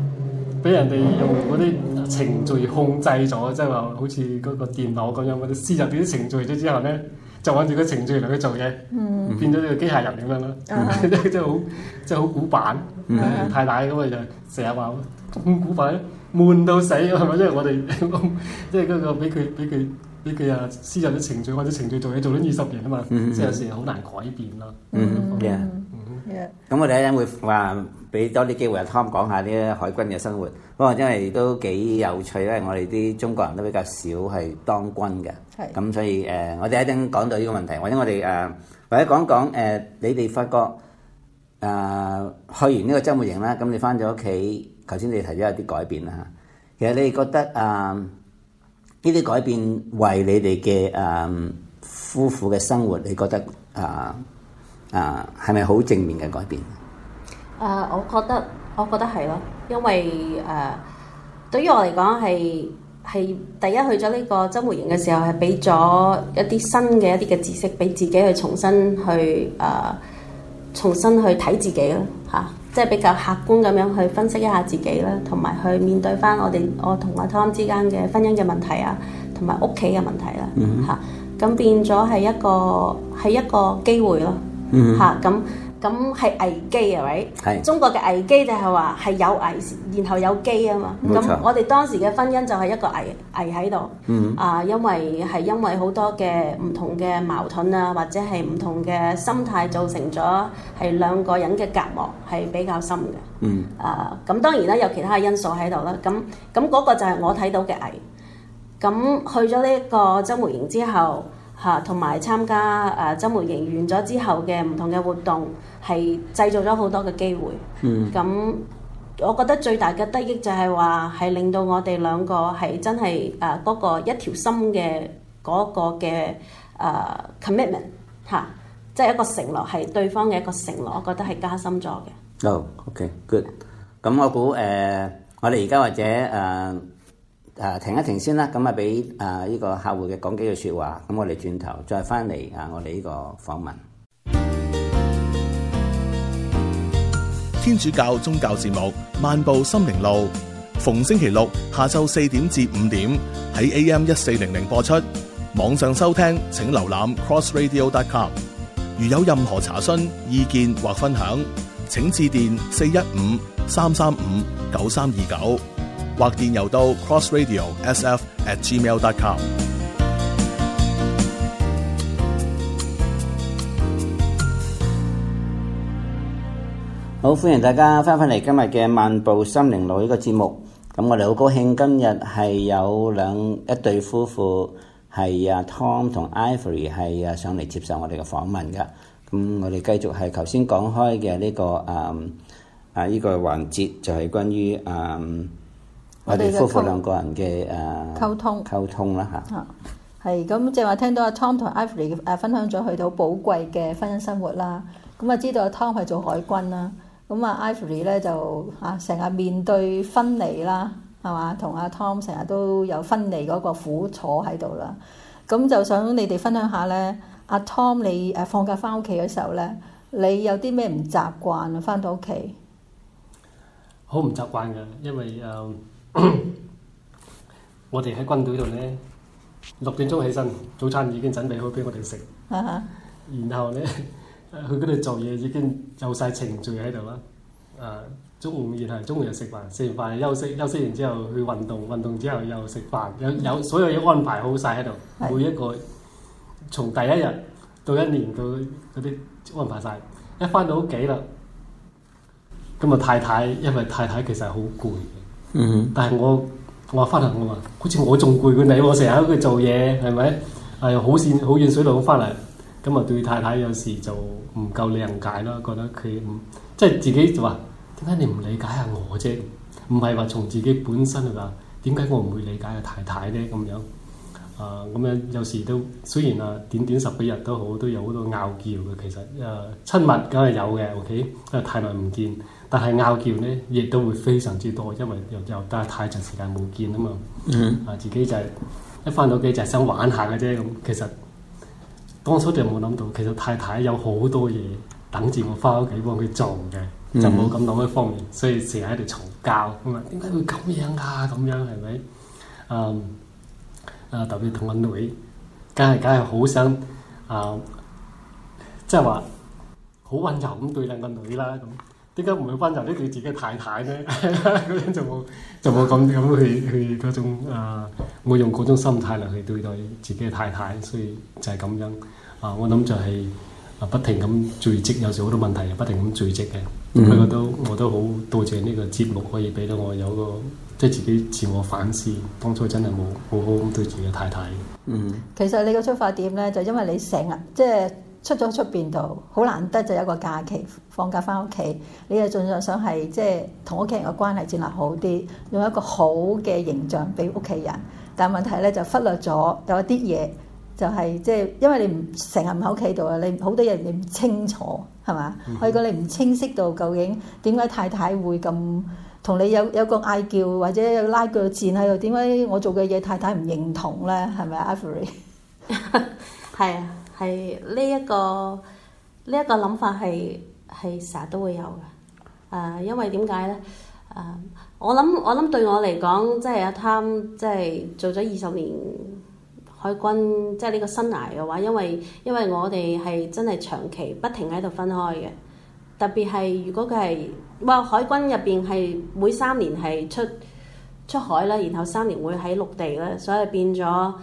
俾人哋用嗰啲程序控制咗，即係話好似嗰個電腦咁樣，佢輸入啲程序咗之後咧，就按住個程序嚟去做嘢，嗯、變咗呢個機械人咁樣咯、嗯， *laughs* 即係好，即係好古板，太大咁啊！就成日話咁古板。悶到死，係咪？因為我哋即係嗰個俾佢俾佢俾佢啊， *laughs* 私人嘅程序或者程序做嘢做咗二十年啊嘛，mm hmm. 即係有時好難改變咯。咁我哋一陣會話俾多啲機會阿 Tom 講下啲海軍嘅生活，不過因為都幾有趣，因為我哋啲中國人都比較少係當軍嘅，咁、mm hmm. 所以誒，mm hmm. uh, 我哋一陣講到呢個問題，或者我哋誒、uh, 或者講講誒，uh, 你哋發覺誒、uh, 去完呢個周末營啦，咁、uh, 你翻咗屋企。頭先你提咗一啲改變啦，其實你哋覺得啊，呢、呃、啲改變為你哋嘅誒夫婦嘅生活，你覺得啊啊係咪好正面嘅改變？誒、呃，我覺得我覺得係咯，因為誒、呃、對於我嚟講係係第一去咗呢個周末營嘅時候，係俾咗一啲新嘅一啲嘅知識俾自己去重新去誒、呃、重新去睇自己咯嚇。啊即係比較客觀咁樣去分析一下自己啦，同埋去面對返我哋我同阿 Tom 之間嘅婚姻嘅問題，問題、mm hmm. 啊，同埋屋企嘅問題啦嚇，咁變咗係一個係一個機會咯嚇咁。Mm hmm. 啊咁係危機啊，係、right? 是？中國嘅危機就係話係有危，然後有機啊嘛。咁錯我哋當時嘅婚姻就係一個危危喺度。啊、嗯哼呃，因為係因為好多嘅唔同嘅矛盾啊，或者係唔同嘅心態造成咗係兩個人嘅隔膜係比較深嘅。嗯。啊、呃，咁當然啦，有其他嘅因素喺度啦。咁咁嗰個就係我睇到嘅危。咁去咗呢一個周末營之後。嚇，同埋參加誒週末營完咗之後嘅唔同嘅活動，係製造咗好多嘅機會。嗯。咁，我覺得最大嘅得益就係話係令到我哋兩個係真係誒嗰個一條心嘅嗰個嘅誒 commitment 嚇，即係一個承諾，係對方嘅一個承諾，我覺得係加深咗嘅。哦，OK，good。咁我估誒，我哋而家或者誒。誒、啊、停一停先啦，咁啊俾誒呢個客戶嘅講幾句説話，咁、嗯、我哋轉頭再翻嚟啊！我哋呢個訪問天主教宗教節目《漫步心靈路》，逢星期六下晝四點至五點喺 AM 一四零零播出，網上收聽請瀏覽 crossradio.com。如有任何查詢、意見或分享，請致電四一五三三五九三二九。或電郵到 crossradio_sf@gmail.com。好，歡迎大家翻返嚟今日嘅《漫步心靈路》呢個節目。咁我哋好高興，今日係有兩一對夫婦係啊 Tom 同 Ivory 係啊上嚟接受我哋嘅訪問噶。咁我哋繼續係頭先講開嘅呢個嗯啊呢個環節，就係關於嗯。我哋夫妻兩個人嘅誒、uh，溝通溝通啦吓，係咁即係話聽到阿 Tom 同 Ivory 誒分享咗去到好寶貴嘅婚姻生活啦。咁啊，知道阿 Tom 係做海軍啦，咁啊 Ivory 咧就啊成日面對分離啦，係嘛？同阿 Tom 成日都有分離嗰個苦楚喺度啦。咁就想你哋分享下咧，阿、啊、Tom 你誒放假翻屋企嘅時候咧，你有啲咩唔習慣啊？翻到屋企好唔習慣㗎，因為誒。嗯 *coughs* 我哋喺軍隊度呢，六點鐘起身，早餐已經準備好俾我哋食。啊、然後呢，去嗰度做嘢已經有晒程序喺度啦。啊，中午然後中午又食飯，食完飯休息，休息完之後去運動，運動之後又食飯，嗯、有有所有嘢安排好晒喺度，的每一個從第一日到一年到嗰啲安排晒。一翻到屋企啦，咁啊太太，因為太太其實好攰。嗯，但係我我翻嚟我話，好似我仲攰過你，我成日喺佢做嘢，係咪？係好似好遠水路咁翻嚟，咁啊對太太有時就唔夠諒解啦，覺得佢唔即係自己就話，點解你唔理解下我啫？唔係話從自己本身話，點解我唔會理解啊太太咧咁樣？啊，咁樣、嗯、有時都雖然啊，短短十幾日都好，都有好多拗撬嘅。其實啊，呃、親密梗係有嘅，OK。因為太耐唔見，但係拗撬咧，亦都會非常之多，因為又又太長時間冇見啊嘛。嗯嗯、啊，自己就係、是、一翻到屋企就係想玩下嘅啫。咁、嗯、其實當初就冇諗到，其實太太有好多嘢等住我翻屋企幫佢做嘅，嗯、就冇咁諗一方面，所以成日喺度嘈交。咁點解會咁樣啊？咁樣係咪？嗯。嗯嗯嗯嗯嗯嗯。啊、呃！特別同個女，梗係梗係好想啊，即係話好溫柔咁對靚個女啦咁。點解唔去溫柔啲對自己太太咧？嗰 *laughs* 種就冇就冇咁咁去去嗰種啊，冇、呃、用嗰種心態嚟去對待自己嘅太太。所以就係咁樣啊、呃，我諗就係啊，不停咁聚積，有時好多問題又不停咁聚積嘅。不過、mm hmm. 都我都好多謝呢個節目可以俾到我有一個。即係自己自我反思，當初真係冇好好咁對住個太太。嗯，其實你個出發點咧，就因為你成日即係出咗出邊度，好難得就有一個假期放假翻屋企，你又盡量想係即係同屋企人嘅關係建立好啲，用一個好嘅形象俾屋企人。但問題咧就忽略咗有一啲嘢，就係、是、即係因為你唔成日唔喺屋企度啊，你好多嘢你唔清楚係嘛？可、嗯、哼以你唔清晰到究竟點解太太會咁？同你有有個嗌交或者有拉腳戰喺度，點解我做嘅嘢太太唔認同呢？係咪 e v e r y 係啊，係呢一個呢一個諗法係係成日都會有嘅、呃。因為點解呢？呃、我諗我諗對我嚟講，即係阿貪，即係做咗二十年海軍，即係呢個生涯嘅話，因為因為我哋係真係長期不停喺度分開嘅。特別係如果佢係哇，海軍入邊係每三年係出出海啦，然後三年會喺陸地啦，所以變咗，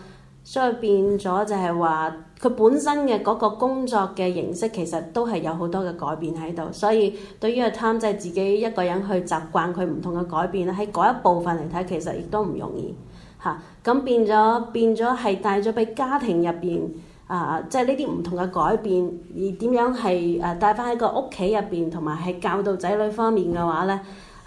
所以變咗就係話佢本身嘅嗰個工作嘅形式，其實都係有好多嘅改變喺度，所以對於阿貪即係自己一個人去習慣佢唔同嘅改變啦，喺嗰一部分嚟睇其實亦都唔容易吓，咁、啊、變咗變咗係帶咗俾家庭入邊。啊！即係呢啲唔同嘅改變，而點樣係誒帶翻喺個屋企入邊，同埋係教導仔女方面嘅話呢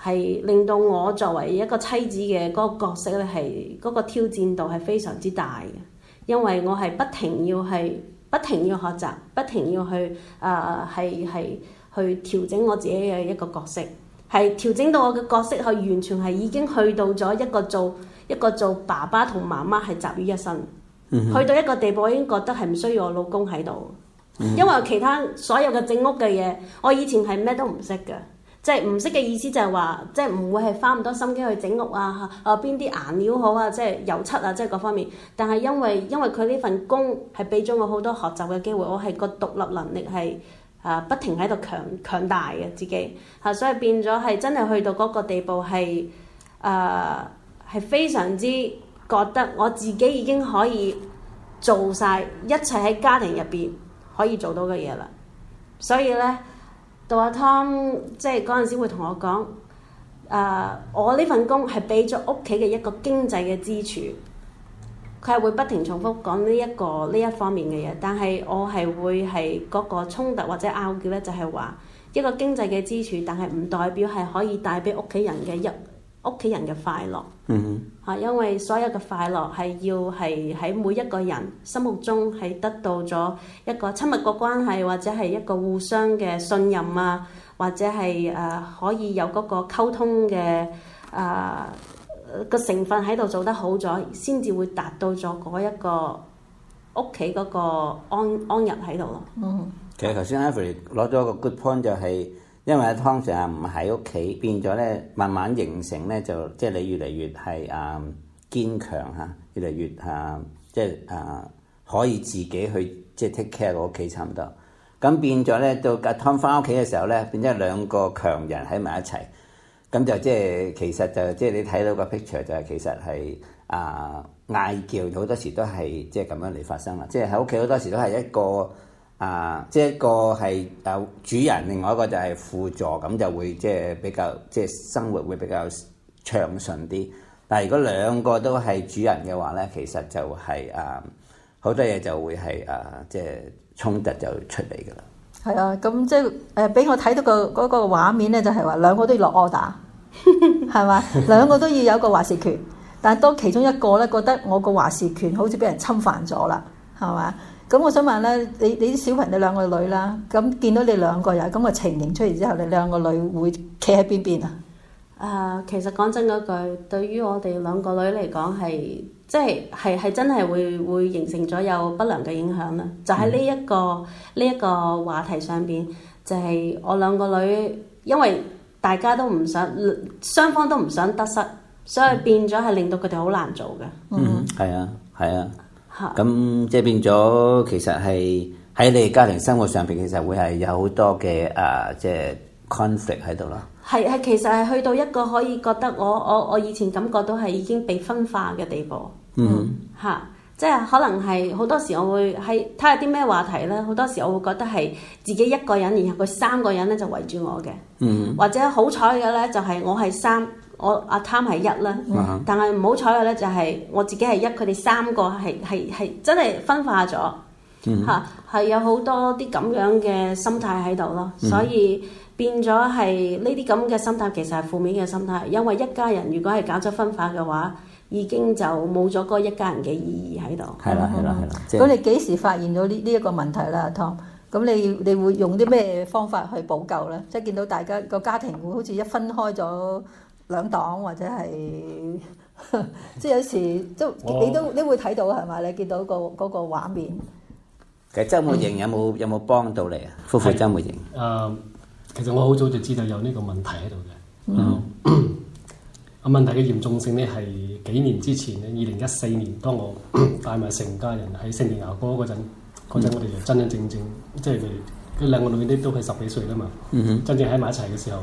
係令到我作為一個妻子嘅嗰個角色咧，係、嗰、嗰個挑戰度係非常之大嘅，因為我係不停要係不停要學習，不停要去誒係係去調整我自己嘅一個角色，係調整到我嘅角色係完全係已經去到咗一個做一個做爸爸同媽媽係集於一身。去到一個地步，我已經覺得係唔需要我老公喺度，因為其他所有嘅整屋嘅嘢，我以前係咩都唔識嘅，即係唔識嘅意思就係話，即係唔會係花咁多心機去整屋啊，啊邊啲顏料好啊，即係油漆啊，即係各方面。但係因為因為佢呢份工係俾咗我好多學習嘅機會，我係個獨立能力係啊不停喺度強強大嘅自己，嚇所以變咗係真係去到嗰個地步係啊係非常之。覺得我自己已經可以做晒一切，喺家庭入邊可以做到嘅嘢啦，所以呢，杜阿 t 即係嗰陣時會同我講：誒、呃，我呢份工係俾咗屋企嘅一個經濟嘅支柱。佢係會不停重複講呢一個呢一方面嘅嘢，但係我係會係嗰個衝突或者拗撬呢，就係、是、話一個經濟嘅支柱，但係唔代表係可以帶俾屋企人嘅一屋企人嘅快樂。嗯，嚇，因為所有嘅快樂係要係喺每一個人心目中係得到咗一個親密嘅關係，或者係一個互相嘅信任啊，或者係誒、呃、可以有嗰個溝通嘅誒個成分喺度做得好咗，先至會達到咗嗰一個屋企嗰個安安逸喺度咯。嗯，其實頭先 Eva 攞咗個 good point 就係、是。因為 Tom 成日唔喺屋企，變咗咧慢慢形成咧，就即係你越嚟越係啊堅強嚇，越嚟越啊、uh, 即係啊、uh, 可以自己去即係 take care 個屋企差唔多。咁變咗咧，到個 Tom 翻屋企嘅時候咧，變咗兩個強人喺埋一齊，咁就即係其實就即係你睇到個 picture 就係、是、其實係啊嗌叫好多時都係即係咁樣嚟發生啦。即係喺屋企好多時都係一個。啊，即係一個係有主人，另外一個就係輔助，咁就會即係比較即係生活會比較暢順啲。但係如果兩個都係主人嘅話咧，其實就係、是、啊好多嘢就會係啊即係衝突就出嚟噶啦。係啊，咁即係誒俾我睇到個嗰個畫面咧，就係、是、話兩個都要落 order，係嘛？兩個都要有個話事權，但係當其中一個咧覺得我個話事權好似俾人侵犯咗啦，係嘛？咁我想問咧，你你啲小朋友你兩個女啦，咁見到你兩個人咁嘅情形出嚟之後，你兩個女會企喺邊邊啊？啊、呃，其實講真嗰句，對於我哋兩個女嚟講，係即係係係真係會會形成咗有不良嘅影響啦。就喺呢一個呢一、嗯、個話題上邊，就係、係、我兩個女，因為大家都唔想雙方都唔想得失，所以變咗係令到佢哋好難做嘅。嗯，係啊，係啊。咁即係變咗，其實係喺你哋家庭生活上邊、啊，其實會係有好多嘅啊，即係 conflict 喺度咯。係係，其實係去到一個可以覺得我我我以前感覺到係已經被分化嘅地步。嗯、mm，嚇、hmm.，即係可能係好多時我會係睇下啲咩話題咧，好多時我會覺得係自己一個人，然後佢三個人咧就圍住我嘅。嗯、mm，hmm. 或者好彩嘅咧，就係、是、我係三。我阿 Tom 係一啦，mm hmm. 但係唔好彩嘅咧，就係我自己係一，佢哋三個係係係真係分化咗嚇，係、mm hmm. 啊、有好多啲咁樣嘅心態喺度咯，hmm. 所以變咗係呢啲咁嘅心態，其實係負面嘅心態，因為一家人如果係搞咗分化嘅話，已經就冇咗嗰一家人嘅意義喺度、mm。係、hmm. 啦，係啦，係啦。咁你幾時發現到呢呢一個問題咧，阿 Tom？咁你你會用啲咩方法去補救咧？即係見到大家個家庭會好似一分開咗。兩檔或者係， *laughs* 即係有時都我 你都你會睇到係咪？你見到、嗰個嗰、嗰個畫面。其實週末營有冇有冇幫到你啊？夫妻周末營。誒、呃，其實我好早就知道有呢個問題喺度嘅。啊， *laughs* 問題嘅嚴重性咧係幾年之前咧，二零一四年，當我帶埋成家人喺聖地牙哥嗰陣，嗰陣 *laughs* 我哋就真真正正，正，正即係對嗰兩個女咧都係十幾歲啦嘛。哼， *laughs* 真正喺埋一齊嘅時候。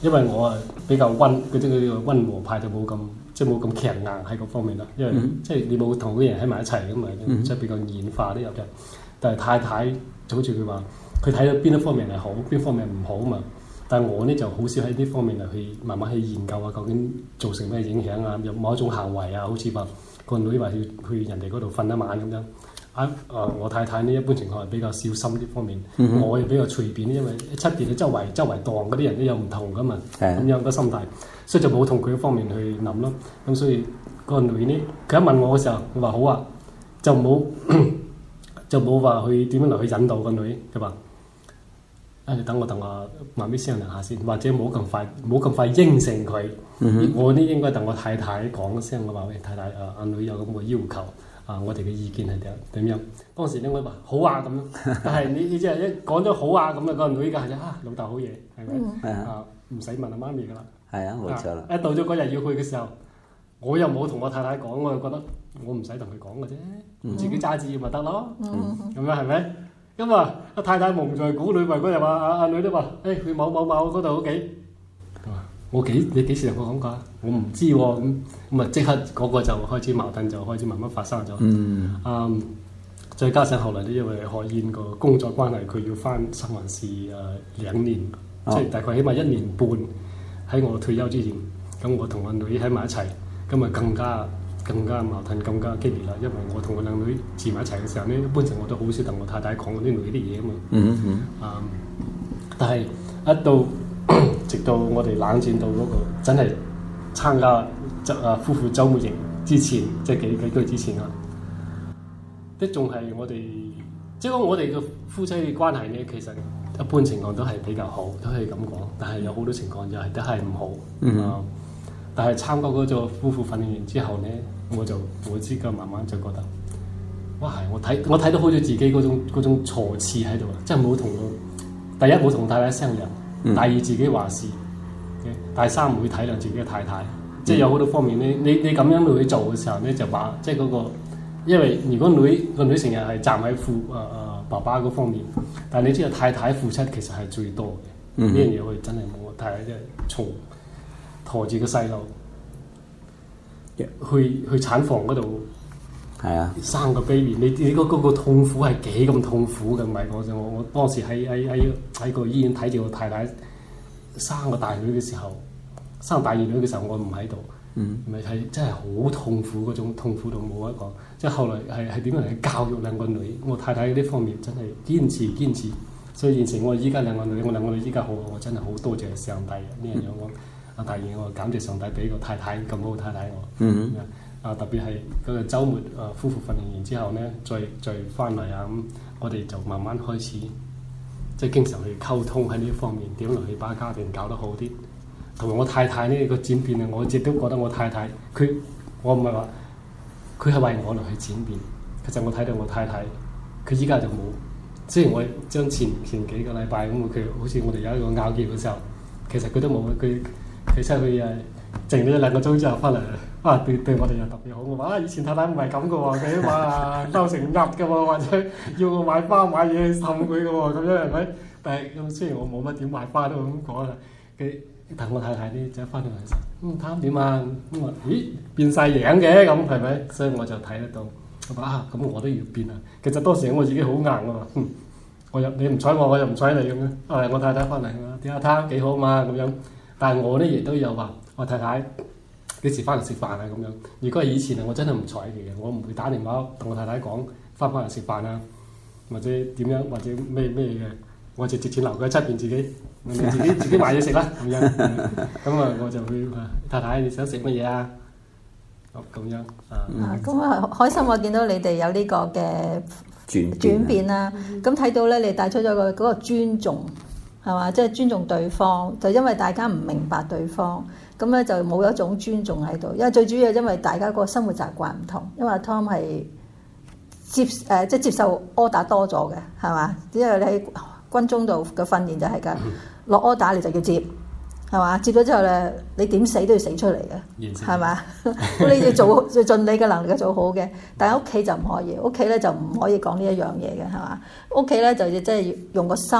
因為我啊比較溫，啲個溫和派就冇咁，即係冇咁強硬喺嗰方面啦。因為、嗯、哼即係你冇同啲人喺埋一齊噶嘛，即係比較軟化啲入嘅。嗯、哼但係太太就好似佢話，佢睇到邊一方面係好，邊方面唔好啊嘛。但係我咧就好少喺呢方面去慢慢去研究啊，究竟造成咩影響啊？有某一種行為啊，好似話個女話要去人哋嗰度瞓一晚咁樣。啊！我太太呢，一般情況係比較小心啲方面，我又比較隨便，因為出邊嘅周圍周圍蕩嗰啲人都有唔同噶嘛，咁樣個心態，所以就冇同佢方面去諗咯。咁所以個女呢，佢一問我嘅時候，佢話好啊，就冇就冇話去點樣嚟去引導個女，佢話誒等我同我媽咪商量下先，或者冇咁快冇咁快應承佢。我呢應該等我太太講聲，我話，喂太太，誒阿女有咁嘅要求。啊！我哋嘅意見係點點樣？當時咧，我話好啊咁，但係你你即係一講咗好啊咁啊，個女嘅就嚇老豆好嘢，係咪啊？唔使、 *music* 啊、問阿媽咪噶啦，係 *music* 啊冇錯啦。一到咗嗰日要去嘅時候，我又冇同我太太講，我又覺得我唔使同佢講嘅啫，自己揸主意咪得咯，咁樣係咪？咁啊、嗯，阿太太蒙在鼓裏，咪嗰日話阿阿女都話，誒、欸、去某某某嗰度屋企。我幾你幾時同我講過？我唔知喎咁咁啊！即、嗯嗯、刻嗰個就開始矛盾，就開始慢慢發生咗。嗯，嗯，um, 再加上後來呢，因為海燕個工作關係，佢要翻三藩市誒兩年，即係好大概起碼一年半喺我退休之前。咁我同我女喺埋一齊，咁啊更加更加矛盾，更加激烈啦。因為我同我兩女住埋一齊嘅時候咧，一般性我都好少同我太太講嗰啲女啲嘢啊嘛。嗯嗯。啊、嗯，嗯、但係一到。直到我哋冷戰到嗰、那個真係參加周啊夫婦周末營之前，即係幾幾個月之前啊，都仲係我哋即係我哋嘅夫妻嘅關係咧。其實一般情況都係比較好，都可以咁講。但係有好多情況就係都係唔好啊、mm hmm. 嗯。但係參加嗰個夫婦訓練營之後咧，我就我知嘅，慢慢就覺得哇，係我睇我睇到好似自己嗰種嗰種瑕疵喺度啊，即係冇同第一冇同大家商量。Mm hmm. 第二，自己話事，第三，唔會體諒自己嘅太太，mm hmm. 即係有好多方面咧。你你咁樣去做嘅時候咧，就話即係、那、嗰個，因為如果女個女成日係站喺父啊啊、呃呃、爸爸嗰方面，但係你知道太太付出其實係最多嘅，呢樣嘢我哋真係冇太太即係從佗住個細路去去，去產房嗰度。係啊，生 Yeah. 個 baby，你你嗰、嗰個痛苦係幾咁痛苦嘅？唔係講，我我當時喺喺喺喺個醫院睇住我太太生個大女嘅時候，生大二女嘅時候我唔喺度，咪係、mm hmm. 真係好痛苦嗰種痛苦到冇一講。即係後來係係點樣去教育兩個女？我太太呢方面真係堅持堅持，所以現成我依家兩個女，我兩個女依家好我真係好多謝上帝、mm hmm. 啊！呢樣我阿大二我感謝上帝俾個太太咁好太太我。嗯、mm hmm. 啊，特別係嗰個週末啊，夫婦訓練完之後咧，再再翻嚟啊咁，我哋就慢慢開始，即係經常去溝通喺呢方面點去把家庭搞得好啲。同埋我太太呢個轉變啊，我一直都覺得我太太佢，我唔係話佢係為我嚟去轉變。其實我睇到我太太，佢依家就冇。雖然我將前前幾個禮拜咁，佢好似我哋有一個拗撬嘅時候，其實佢都冇，佢其實佢啊，靜咗一兩個鐘之後翻嚟。啊，對對，我哋又特別好。我話，啊、以前太太唔係咁嘅喎，佢話收成厄嘅喎，或者要我買花買嘢氹佢嘅喎，咁樣係咪？但係咁，嗯、雖然我冇乜點買花都咁講啦，佢同我太太呢就翻嚟。嚟就貪點啊？咁話咦變晒樣嘅咁係咪？所以我就睇得到。我話啊，咁我都要變啊。其實當時我自己好硬嘅，啊、嘛，嗯，我又你唔睬我，我又唔睬你咁樣，哎。我太太翻嚟點下貪幾好嘛咁樣。但係我呢亦都有話，我太太，太。幾時翻嚟食飯啊？咁樣，如果係以前啊，我真係唔睬佢嘅，我唔會打電話同我太太講翻唔翻嚟食飯啊，或者點樣，或者咩咩嘅，我就直接留佢喺出邊自己，自己自己買嘢食啦咁樣。咁啊，我就去。太太，你想食乜嘢啊？哦，咁樣啊。咁啊，開心！我見到你哋有呢個嘅轉變啦。咁睇、啊啊、到咧，你帶出咗、嗰個嗰、嗰個尊重，係嘛？即、就、係、係、尊重對方，就係、因為大家唔明白對方。嗯 *laughs* 咁咧就冇一種尊重喺度，因為最主要因為大家個生活習慣唔同，因為 Tom 係接誒、呃、即係接受 order 多咗嘅，係嘛？因為你喺軍中度嘅訓練就係噶，落 order 你就要接，係嘛？接咗之後咧，你點死都要死出嚟嘅，係嘛來吧？ *laughs* 你要做要盡你嘅能力做好嘅，但係屋企就唔可以，屋企咧就唔可以講呢一樣嘢嘅，係嘛？屋企咧就要即係用個心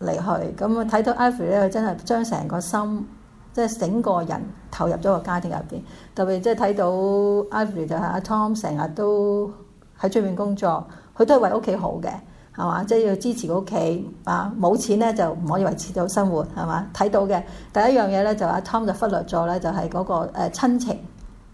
嚟去，咁啊睇到 Eve 咧，佢真係將成個心。即係整個人投入咗個家庭入邊，特別即係睇到 Ivy 就係阿、啊、Tom 成日都喺出面工作，佢都係為屋企好嘅，係嘛？即、就、係、是、要支持屋企啊！冇錢咧就唔可以維持到生活，係嘛？睇到嘅第一樣嘢咧就阿、啊、Tom 就忽略咗咧，就係嗰個誒親情，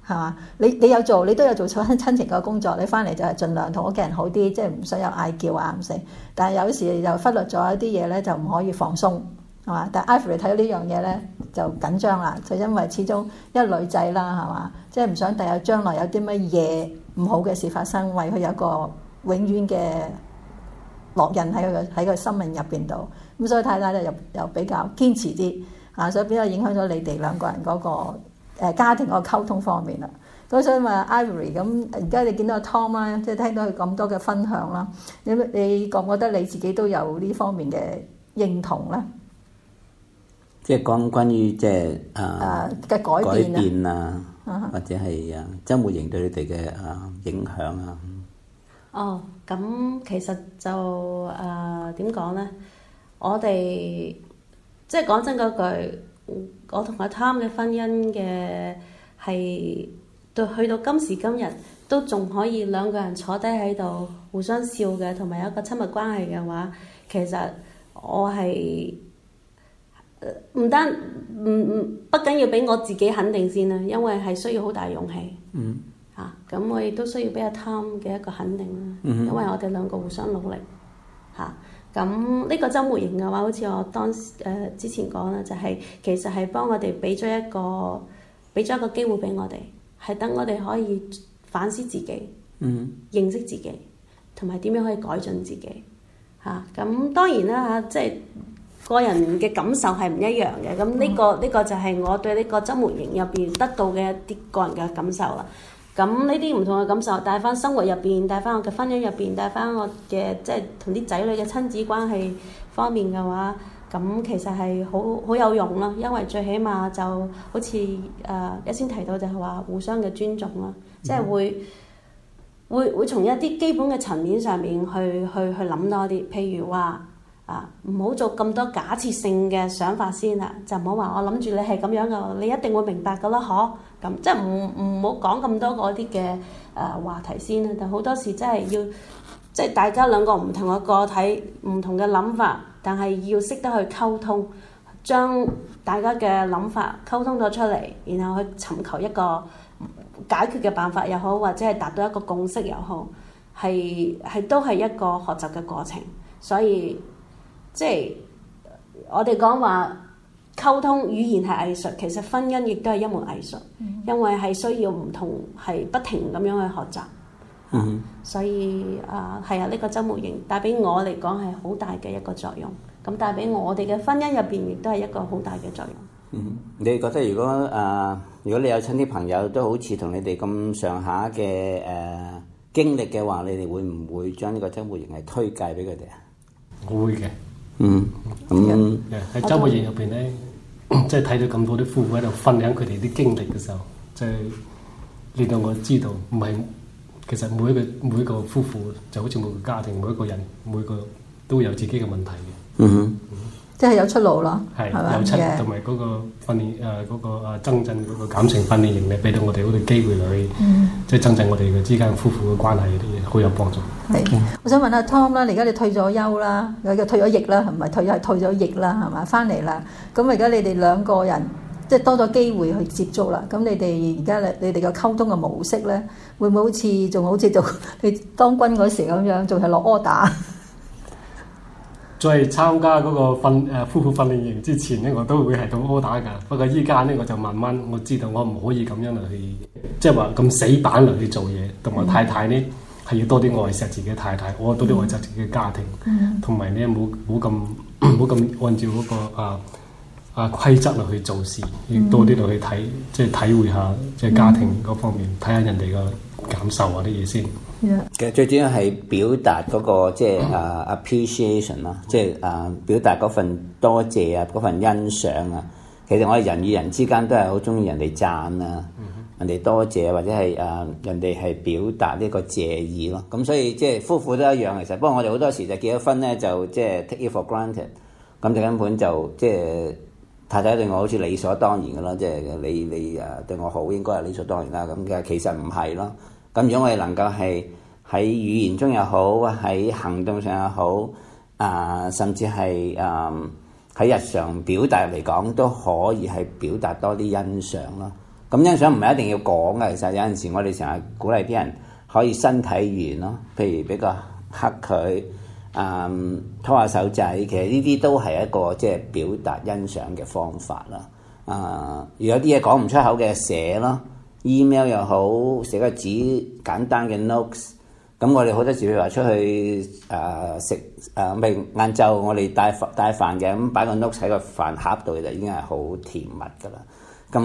係嘛？你你有做，你都有做親親情嘅工作，你翻嚟就係盡量同屋企人好啲，即係唔想有嗌叫啊唔成。但係有時又忽略咗一啲嘢咧，就唔可以放鬆。係嘛？但係 Ivory 睇到呢樣嘢咧，就緊張啦。就因為始終一女仔啦，係嘛，即係唔想第日將來有啲乜嘢唔好嘅事發生，為佢有一個永遠嘅烙印喺佢喺佢生命入邊度。咁所以太太就又又比較堅持啲啊，所以比較影響咗你哋兩個人嗰、個、呃、家庭個溝通方面啦。咁所以話 Ivory 咁，而家你見到阿 Tom 啦，即係聽到佢咁多嘅分享啦，你你覺唔覺得你自己都有呢方面嘅認同咧？即係講關於即係誒改變啊，或者係誒周慕瑩對你哋嘅誒影響啊。哦，咁其實就誒點講咧？我哋即係講真嗰句，我同阿 Tom 嘅婚姻嘅係到去到今時今日都仲可以兩個人坐低喺度互相笑嘅，同埋有一個親密關係嘅話，其實我係。唔單唔唔，不僅要俾我自己肯定先啦，因為係需要好大勇氣。嗯、mm。嚇、hmm. 啊，咁我亦都需要俾阿 Tom 嘅一個肯定啦。Mm hmm. 因為我哋兩個互相努力。嚇、啊，咁呢個周末營嘅話，好似我當時誒、呃、之前講啦，就係、是、其實係幫我哋俾咗一個俾咗一個機會俾我哋，係等我哋可以反思自己。嗯、mm。Hmm. 認識自己，同埋點樣可以改進自己？嚇、啊，咁當然啦嚇、啊，即係。Mm hmm. 個人嘅感受係唔一樣嘅，咁呢、呢個呢、mm hmm. 個就係我對呢個周末營入邊得到嘅一啲個人嘅感受啦。咁呢啲唔同嘅感受，帶翻生活入邊，帶翻我嘅婚姻入邊，帶翻我嘅即係同啲仔女嘅親子關係方面嘅話，咁其實係好好有用囉。因為最起碼就好似誒、呃、一先提到就係話互相嘅尊重啦，mm hmm. 即係會會會從一啲基本嘅層面上面去去去諗多啲，譬如話。啊！唔好做咁多假設性嘅想法先啦，就唔好話我諗住你係咁樣嘅，你一定會明白㗎啦。嗬、啊，咁即係唔唔好講咁多嗰啲嘅誒話題先啦。但好多時真係要即係大家兩個唔同嘅個體，唔同嘅諗法，但係要識得去溝通，將大家嘅諗法溝通咗出嚟，然後去尋求一個解決嘅辦法又好，或者係達到一個共識又好，係係都係一個學習嘅過程，所以。即係我哋講話溝通語言係藝術，其實婚姻亦都係一門藝術，嗯、因為係需要唔同係不停咁樣去學習，嗯啊、所以啊係啊呢、這個週末營帶俾我嚟講係好大嘅一個作用。咁帶俾我哋嘅婚姻入邊亦都係一個好大嘅作用。嗯、你覺得如果啊、呃，如果你有親啲朋友都好似同你哋咁上下嘅誒、呃、經歷嘅話，你哋會唔會將呢個週末營係推介俾佢哋啊？會嘅。嗯，咁喺周國賢入邊咧，即係睇到咁多啲夫婦喺度分享佢哋啲經歷嘅時候，即係令到我知道，唔係其實每一個每一個夫婦就好似每個家庭，每一個人，每個都有自己嘅問題嘅。嗯哼、mm。Hmm. Mm hmm. 即係有出路咯，係是吧有出同埋嗰個訓練誒嗰的、呃那個增進嗰個感情訓練營咧，俾到我哋好多機會嚟，嗯、即係增進我哋嘅之間夫婦嘅關係嗰啲嘢，好有幫助。係是，嗯、我想問下 Tom 啦，而家你退咗休啦，又退咗役啦，係咪退係退咗役啦，係咪？翻嚟啦？咁而家你哋兩個人即係多咗機會去接觸啦，咁你哋而家你哋嘅溝通嘅模式咧，會唔會好似仲好似做你當軍嗰時咁樣，仲係落 order？再參加嗰個訓誒、呃、夫婦訓練營之前咧，我都會係咁 order 㗎。不過依家咧，我就慢慢我知道我唔可以咁樣嚟去，即係話咁死板嚟去做嘢。同埋太太咧，係要多啲愛錫自己太太，我多啲愛錫自己家庭，同埋咧冇冇咁冇咁按照嗰個啊啊規則落去做事，亦多啲落去睇，即係 *coughs* 體會下即係、就是、家庭嗰方面，睇下 *coughs* 人哋個感受啊啲嘢先。其實最主要係表達嗰、那個即係啊 appreciation 啦、就是，即係啊表達嗰份多謝啊，嗰份欣賞啊。其實我哋人與人之間都係好鍾意人哋讚啊，人哋多謝或者係啊、uh, 人哋係表達呢個謝意咯。咁所以即係、就是、夫婦都一樣，其實不過我哋好多時就結咗婚咧，就即係、就是、take it for granted，咁就根本就即係、就是、太太對我好似理所當然噶啦，即、就、係、是、你你啊對我好應該係理所當然啦。咁嘅其實唔係咯。咁如果我哋能夠係喺語言中又好，喺行動上又好，啊、呃，甚至係嗯喺日常表達嚟講都可以係表達多啲欣賞咯。咁、嗯、欣賞唔係一定要講嘅，其實有陣時我哋成日鼓勵啲人可以身體語言咯，譬如畀個黑佢，嗯、呃，拖下手仔，其實呢啲都係一個即係表達欣賞嘅方法啦。啊、呃，如果有啲嘢講唔出口嘅，寫咯。email 又好，寫個紙簡單嘅 notes，咁我哋好多時譬如話出去誒食誒，咪晏晝我哋帶帶飯嘅，咁擺個 notes 喺個飯盒度就已經係好甜蜜噶啦。咁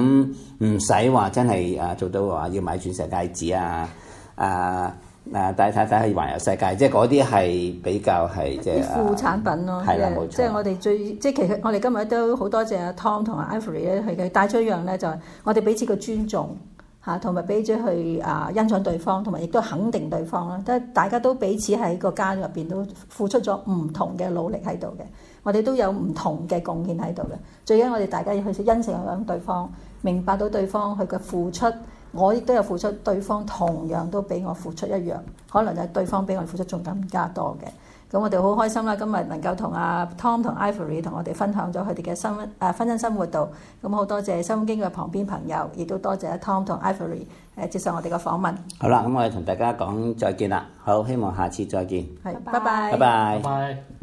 唔使話真係誒做到話要買鑽石戒指啊啊啊，帶太太去環遊世界，即係嗰啲係比較係即係副產品咯，啊，係啦冇錯，即係我哋最即係其實我哋今日都好多謝阿 Tom 同阿 Evelyn 咧，係佢帶出一樣咧就係我哋彼此嘅尊重。嚇，同埋俾咗去啊，欣賞對方，同埋亦都肯定對方啦。即係大家都彼此喺個家入邊都付出咗唔同嘅努力喺度嘅，我哋都有唔同嘅貢獻喺度嘅。最緊我哋大家要去欣賞對方，明白到對方佢嘅付出，我亦都有付出，對方同樣都俾我付出一樣，可能就係對方俾我付出仲更加多嘅。咁我哋好開心啦！今日能夠同阿 Tom 同 Ivory 同我哋分享咗佢哋嘅婚誒婚姻生活度，咁、啊、好多謝收音機嘅旁邊朋友，亦都多謝 Tom 同 Ivory 誒接受我哋嘅訪問。好啦，咁我哋同大家講再見啦。好，希望下次再見。係是，拜拜，拜拜，拜拜。